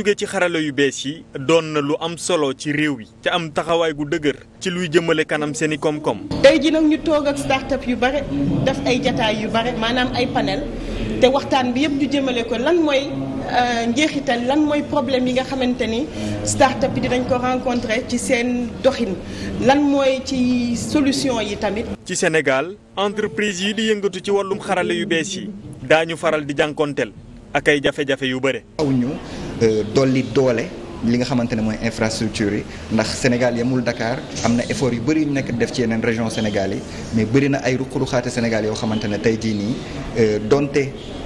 jóge ci xarala yu bees yi doon na lu am solo ci réew yi te am taxawaay gu dëgër ci luy jëmale kanam seen i koom tey ji nag ñu toog ak start yu bare def ay jataay yu bare maanaam ay panel te waxtaan bi yëpp ñu jëmale ko lan mooy euh, njeexital lan mooy problème yi nga xamante ni start-up yi dinañ ko rencontrer ci seen doxin lan mooy ci solution yi tamit. ci Sénégal entreprise yi di yëngatu ci wàllum xarale yu bees yi daañu faral di jànkonteel ak ay jafe-jafe yu bare. aw Euh, dolli doole li nga xamante ne mooy infrastructure yi ndax Sénégal yemul Dakar am na effort yu bëri yu nekk def ci yeneen région Sénégal yi mais bëri na ay ruq-ruqaate Sénégal yoo xamante ne tey jii nii euh, donte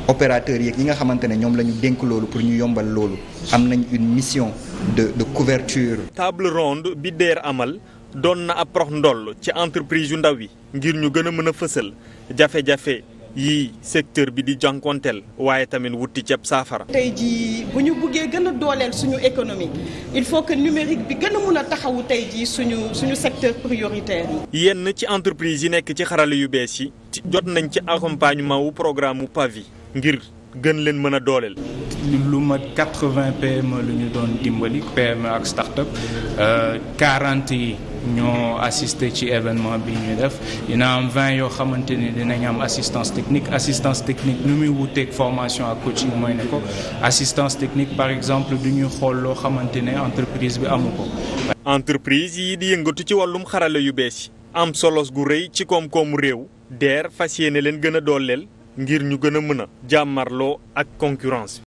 opérateurs yeeg yi nga xamante ne ñoom la ñu dénk loolu pour ñu yombal loolu am nañ une mission de de couverture. table ronde bi DER amal doon na ab prox ndoll ci entreprise yu ndaw yi ngir ñu gën a mën a fësal jafe-jafe. yii secteur bi di jànkonteel waaye tamit wuti ceeb saafara. tey ji bu ñu buggee gën a dooleel suñu économique il faut que numérique bi gën a mun taxawu tey jii suñu suñu secteur prioritaire yi. yenn ci entreprise yi nekk ci xarala yu bees yi. jot nañ ci accompagnement wu programme mu PAVI ngir gën leen mën a dooleel. lu mat quatre-vingts PME lu ñu doon dimbali PME ak start-up euh, quarante yi ñoo assister ci événement bi ñuy def dina am vingt yoo xamante ni dinañ am assistance technique assistance technique nu muy wuteeg formation ak coaching mooy ne ko assistance technique par exemple du ñuy xool loo xamante ne entreprise bi amu ko. entreprise yi di yëngatu ci wàllum xarala yu bees yi. am solos gu rëy ci koom-koomu réew. DER fas yéene leen gën a dooleel ngir ñu gën a mën a jàmmarloo ak concurrence.